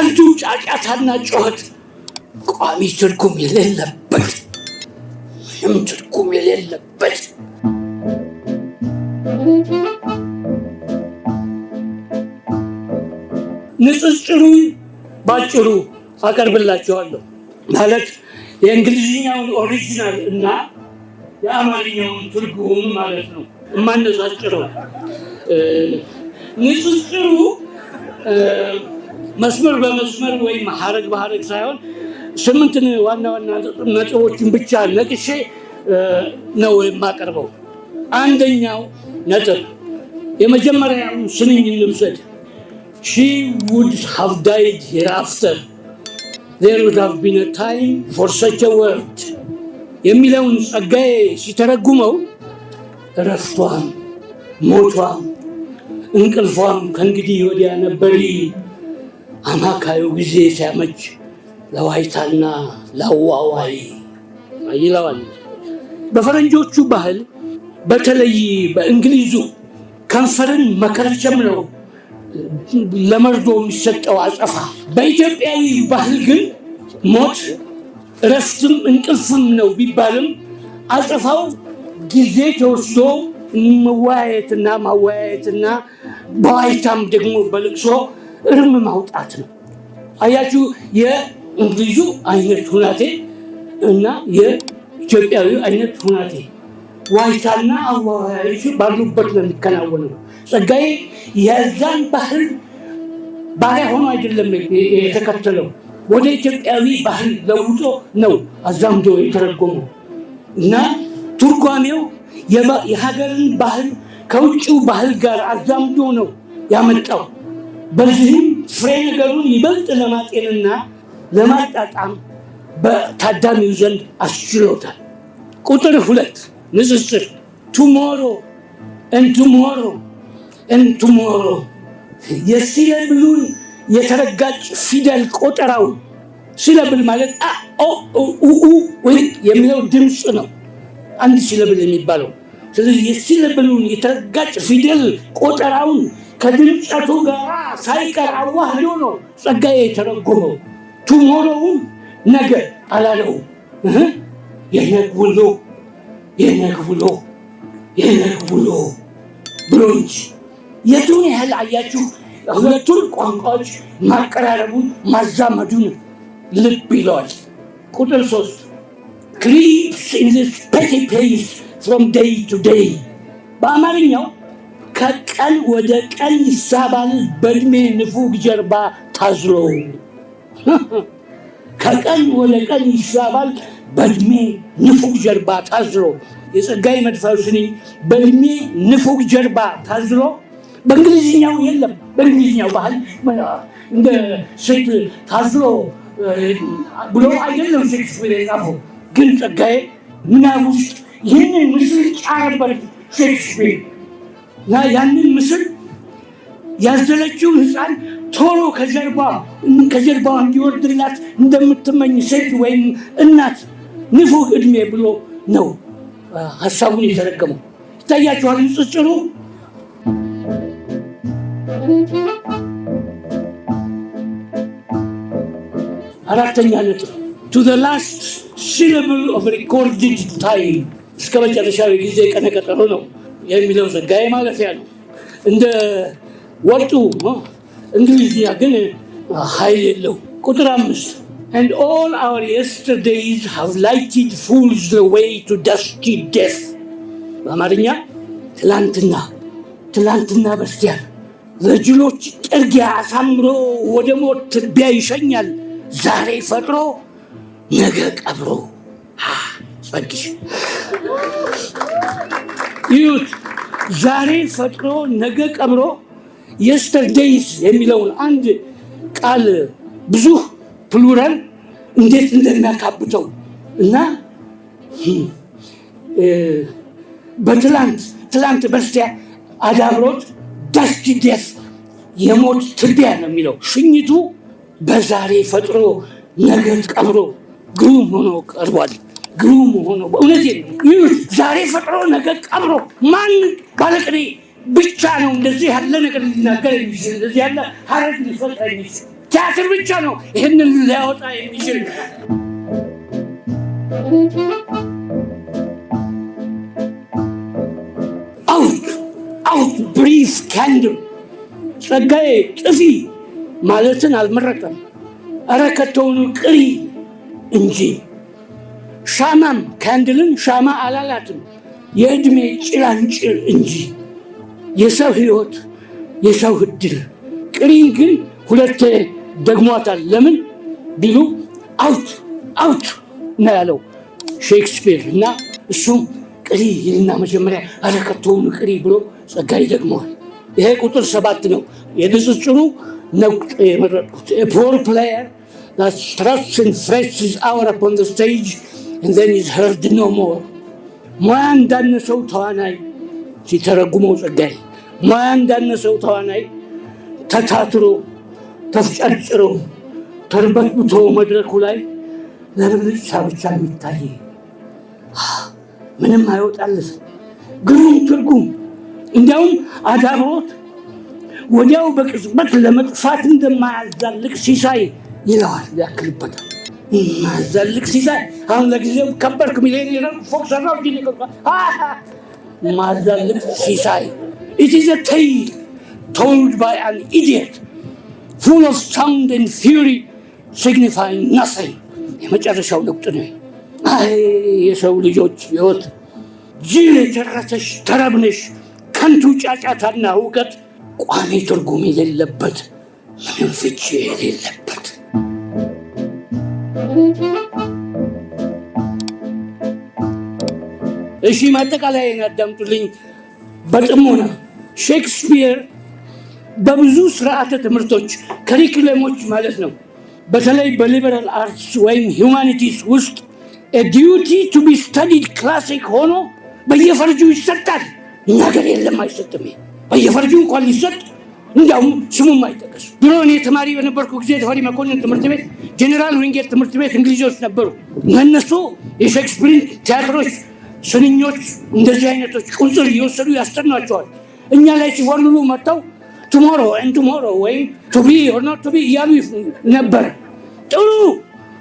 ከልጁ ጫጫታና ጩኸት ቋሚ ትርጉም የሌለበት ምንም ትርጉም የሌለበት ንጽጽሩን ባጭሩ አቀርብላችኋለሁ። ማለት የእንግሊዝኛውን ኦሪጂናል እና የአማርኛውን ትርጉም ማለት ነው የማነጻጽረው ንጽጽሩ መስመር በመስመር ወይም ሀረግ በሀረግ ሳይሆን ስምንትን ዋና ዋና ነጥቦችን ብቻ ነቅሼ ነው የማቀርበው። አንደኛው ነጥብ የመጀመሪያው ስንኝ ልምሰድ ሺ ውድ ሃቭ ዳይድ ሄራፍተር ዜር ውድ ሃቭ ቢን ታይም ፎር ሰች ወርድ የሚለውን ጸጋዬ ሲተረጉመው እረፍቷም ሞቷም እንቅልፏም ከእንግዲህ ወዲያ ነበሪ አማካዩ ጊዜ ሲያመች ለዋይታና ለዋዋይ ይለዋል። በፈረንጆቹ ባህል በተለይ በእንግሊዙ ከንፈርን መከርቸም ነው ለመርዶ የሚሰጠው አጸፋ። በኢትዮጵያዊ ባህል ግን ሞት እረፍትም እንቅልፍም ነው ቢባልም አጸፋው ጊዜ ተወስዶ መወያየትና ማወያየትና በዋይታም ደግሞ በልቅሶ እርም ማውጣት ነው። አያችሁ የእንግሊዙ አይነት ሁናቴ እና የኢትዮጵያዊ አይነት ሁናቴ ዋይታና አዋያዎች ባሉበት ነው የሚከናወነው። ጸጋዬ የዛን ባህል ባሪያ ሆኖ አይደለም የተከተለው፣ ወደ ኢትዮጵያዊ ባህል ለውጦ ነው አዛምዶ የተረጎመው እና ቱርጓሜው የሀገርን ባህል ከውጭው ባህል ጋር አዛምዶ ነው ያመጣው። በዚህም ፍሬ ነገሩን ይበልጥ ለማጤንና ለማጣጣም በታዳሚው ዘንድ አስችሎታል። ቁጥር ሁለት ንጽጽር ቱሞሮ እንቱሞሮ እንቱሞሮ የሲለብሉን የተረጋጭ ፊደል ቆጠራው ሲለብል ማለት ወይ የሚለው ድምፅ ነው፣ አንድ ሲለብል የሚባለው ስለዚህ የሲለብሉን የተረጋጭ ፊደል ቆጠራውን ከድምፀቱ ጋር ሳይቀር አዋህዶ ነው ጸጋዬ የተረጎመው። ቱሞሮውን ነገ አላለው። የነግ ውሎ የነግ ውሎ የነግ ውሎ ብሎ እንጂ የቱን ያህል አያችሁ? ሁለቱን ቋንቋዎች ማቀራረቡን ማዛመዱን ልብ ይለዋል። ቁጥር ሶስት ክሪፕስ ኢን ፔቲ ፍሮም ደይ ቱ ደይ በአማርኛው ከቀን ወደ ቀን ይሳባል በእድሜ ንፉግ ጀርባ ታዝሎ ከቀን ወደ ቀን ይሳባል በእድሜ ንፉግ ጀርባ ታዝሎ። የጸጋይ መድፈሩ በእድሜ ንፉግ ጀርባ ታዝሎ በእንግሊዝኛው የለም። በእንግሊዝኛው ባህል እንደ ሴት ታዝሎ ብሎ አይደለም ሼክስፒር የጻፈው። ግን ጸጋዬ ምናብ ውስጥ ይህንን ምስል ጫረበት ሼክስፒር ያንን ምስል ያዘለችውን ህፃን ቶሎ ከጀርባ እንዲወርድላት እንደምትመኝ ሴት ወይም እናት ንፉግ እድሜ ብሎ ነው ሀሳቡን የተረገመው። ይታያችኋል ንጽጽሩ። አራተኛ ነጥብ ቱ ዘ ላስት ሲለብል ኦፍ ሪኮርድድ ታይም እስከ መጨረሻዊ ጊዜ ቀነቀጠሩ ነው። የሚለው ዘጋዬ ማለት ያሉ እንደ ወጡ እንግሊዝኛ ግን ኃይል የለው። ቁጥር አምስት and all our yesterdays have lighted fools the way to dusty death በአማርኛ ትላንትና ትላንትና በስቲያ ለጅሎች ጥርጊያ አሳምሮ ወደ ሞት ትቢያ ይሸኛል። ዛሬ ፈጥሮ ነገ ቀብሮ ጸጊሽ ይዩት። ዛሬ ፈጥሮ ነገ ቀምሮ የስተርዴይዝ የሚለውን አንድ ቃል ብዙ ፕሉራል እንዴት እንደሚያካብተው እና በትላንት ትላንት በስቲያ አዳብሮት ዳስቲ ዴፍ የሞት ትቢያ ነው የሚለው ሽኝቱ በዛሬ ፈጥሮ ነገ ቀብሮ ግሩም ሆኖ ቀርቧል። ግሩም ሆኖ በእውነት የለም። ዛሬ ፈጥሮ ነገ ቀብሮ ማን ባለቅኔ ብቻ ነው እንደዚህ ያለ ነገር ሊናገር የሚችል እንደዚህ ያለ ሀረግ ሊፈጥር የሚችል ቲያትር ብቻ ነው ይህንን ሊያወጣ የሚችል። አውት አውት ብሪፍ ካንድም ጸጋዬ ጥፊ ማለትን አልመረቀም። እረ ከተውኑ ቅሪ እንጂ ሻማም ካንድልን ሻማ አላላትም የእድሜ ጭላንጭል እንጂ የሰው ህይወት የሰው እድል። ቅሪን ግን ሁለቴ ደግሟታል። ለምን ቢሉ አውት አውት ነው ያለው ሼክስፒር እና እሱም ቅሪ ይልና መጀመሪያ አለከቶውን ቅሪ ብሎ ጸጋይ ይደግመዋል። ይሄ ቁጥር ሰባት ነው። የንጽጽሩ ነቁጥ የመረጥኩት ፖር ፕሌየር ትራስን ፍሬስ አወር ፖን ስቴጅ እንዘን ኢዝ ሄርድ ኖ ሞር ሙያ እንዳነሰው ተዋናይ ሲተረጉመው ጸጋይ ሙያ እንዳነሰው ተዋናይ ተታትሮ ተፍጨርጭሮ ተርበትብቶ መድረኩ ላይ ለብልጭታ ብቻ የሚታይ ምንም አይወጣለት ግሩም ትርጉም እንዲያውም አዳብሮት ወዲያው በቅጽበት ለመጥፋት እንደማያዛልቅ ሲሳይ ይለዋል፣ ያክልበታል። ማዘልቅ ሲሳይ አሁን ለጊዜው ከበርክ ሚሊዮን ፎቅ ሰራው ማዘልቅ ሲሳይ ኢት ኢዝ ኤ ቴል ቶልድ ባይ አን ኢዲየት ፉል ኦፍ ሳውንድ ኤንድ ፊውሪ ሲግኒፋይንግ ናሲንግ። የመጨረሻው ልቁጥ ነው። አይ የሰው ልጆች ህይወት ጅል የጨረሰሽ ተረብነሽ ከንቱ ጫጫታና እውቀት ቋሚ ትርጉም የሌለበት ምንም ፍቺ የሌለበት እሺ ማጠቃለያ ያዳምጡልኝ በጥሞና ሼክስፒር በብዙ ስርዓተ ትምህርቶች ከሪኩለሞች ማለት ነው በተለይ በሊበራል አርትስ ወይም ሂውማኒቲስ ውስጥ ዲዩቲ ቱ ቢ ስታዲድ ክላሲክ ሆኖ በየፈርጁ ይሰጣል። ነገር የለም አይሰጥም። በየፈርጁ እንኳን ሊሰጥ እንዲያውም ስሙም አይጠቀሱ። ድሮ እኔ ተማሪ በነበርኩ ጊዜ ተፈሪ መኮንን ትምህርት ቤት፣ ጀኔራል ዊንጌት ትምህርት ቤት እንግሊዞች ነበሩ። እነሱ የሼክስፒሪን ቲያትሮች ስንኞች፣ እንደዚህ አይነቶች ቁንጽር እየወሰዱ ያስጠኗቸዋል። እኛ ላይ ሲወልሉ መጥተው ቱሞሮ ቱሞሮ ወይም ቱቢ ሆና ቱቢ እያሉ ነበር። ጥሩ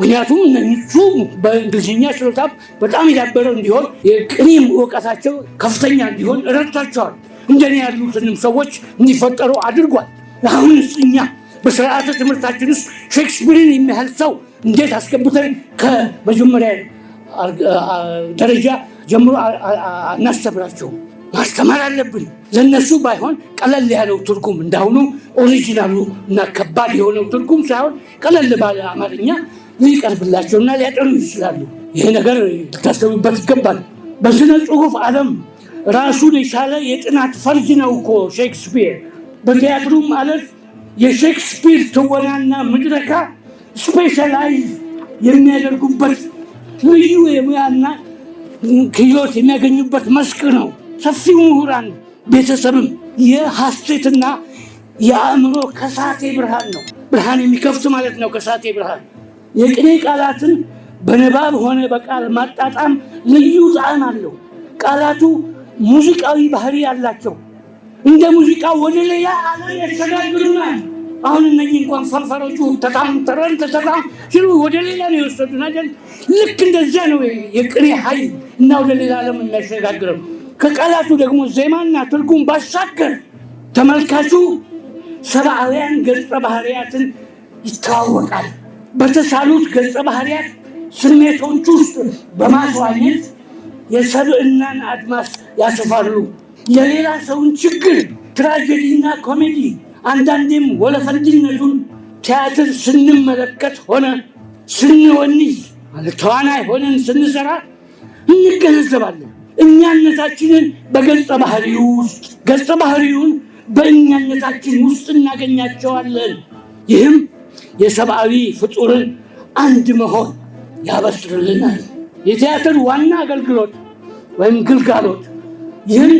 ምክንያቱም እነሱ በእንግሊዝኛ ችሎታ በጣም የዳበረ እንዲሆን የቅኔም እውቀታቸው ከፍተኛ እንዲሆን ረድታቸዋል። እንደኔ ያሉትንም ሰዎች እንዲፈጠሩ አድርጓል። አሁንስ እኛ በስርዓተ ትምህርታችን ውስጥ ሼክስፒርን የሚያህል ሰው እንዴት አስገብተን ከመጀመሪያ ደረጃ ጀምሮ እናስተምራቸውም? ማስተማር አለብን። ለነሱ ባይሆን ቀለል ያለው ትርጉም እንዳሁኑ ኦሪጂናሉ እና ከባድ የሆነው ትርጉም ሳይሆን ቀለል ባለ አማርኛ ሊቀርብላቸውና ሊያጠኑ ይችላሉ። ይሄ ነገር ልታሰቡበት ይገባል። በስነ ጽሁፍ ዓለም ራሱን የቻለ የጥናት ፈርጅ ነው እኮ ሼክስፒር። በቲያትሩም ማለት የሼክስፒር ትወናና ምድረካ ስፔሻላይዝ የሚያደርጉበት ልዩ የሙያና ክህሎት የሚያገኙበት መስክ ነው። ሰፊው ምሁራን ቤተሰብም የሀሴትና የአእምሮ ከሳቴ ብርሃን ነው። ብርሃን የሚከፍት ማለት ነው። ከሳቴ ብርሃን የቅኔ ቃላትን በንባብ ሆነ በቃል ማጣጣም ልዩ ጣዕም አለው። ቃላቱ ሙዚቃዊ ባህሪ ያላቸው እንደ ሙዚቃ ወደ ሌላ ዓለም ያሸጋግሩናል። አሁን እነዚህ እንኳን ፈርፈሮቹ ተጣም ተረን ተሰራ ሲሉ ወደ ሌላ ነው የወሰዱ አይደል? ልክ እንደዚያ ነው የቅኔ ኃይል እና ወደ ሌላ ዓለም የሚያሸጋግረው። ከቃላቱ ደግሞ ዜማና ትርጉም ባሻገር ተመልካቹ ሰብአውያን ገጸ ባህርያትን ይተዋወቃል። በተሳሉት ገጸ ባህርያት ስሜቶች ውስጥ በማስዋኘት የሰብእናን አድማስ ያስፋሉ የሌላ ሰውን ችግር ትራጀዲና ኮሜዲ አንዳንዴም ወለፈንድነቱን ቲያትር ስንመለከት ሆነ ስንወንይ ተዋናይ ሆነን ስንሰራ እንገነዘባለን። እኛነታችንን በገጸ ባህሪ ውስጥ ገጸ ባህሪውን በእኛነታችን ውስጥ እናገኛቸዋለን። ይህም የሰብአዊ ፍጡርን አንድ መሆን ያበስርልናል። የቲያትር ዋና አገልግሎት ወይም ግልጋሎት ይህን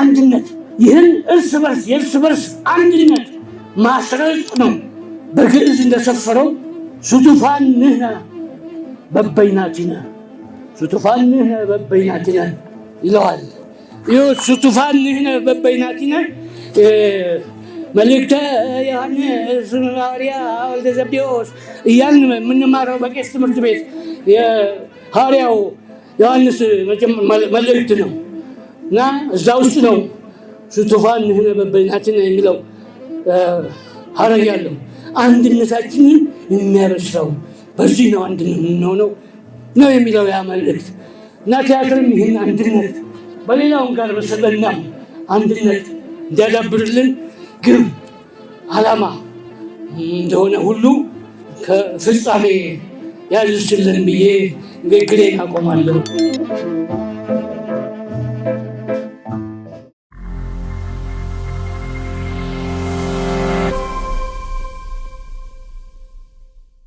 አንድነት ይህን እርስ በርስ የእርስ በርስ አንድነት ማስረጥ ነው። በግዕዝ እንደሰፈረው ሱቱፋንህ በበይናቲነ ሱቱፋንህ በበይናቲነ ይለዋል። ይኸው ሱቱፋንህ በበይናቲነ መልእክተ ዮሐንስ ሐዋርያ ወልደ ዘብዴዎስ እያን የምንማረው በቄስ ትምህርት ቤት የሐዋርያው ዮሐንስ መልእክት ነው። እና እዛ ውስጥ ነው ሱቱፋን ንህነ በበይናችን የሚለው ሀረግ ያለው አንድነታችንን የሚያበስረው በዚህ ነው አንድ የምንሆነው ነው የሚለው ያ መልእክት እና ቲያትርም ይህን አንድነት በሌላውን ጋር በሰበና አንድነት እንዲያዳብርልን ግብ ዓላማ እንደሆነ ሁሉ ከፍጻሜ ያድርስልን ብዬ ንግግሬን አቆማለሁ።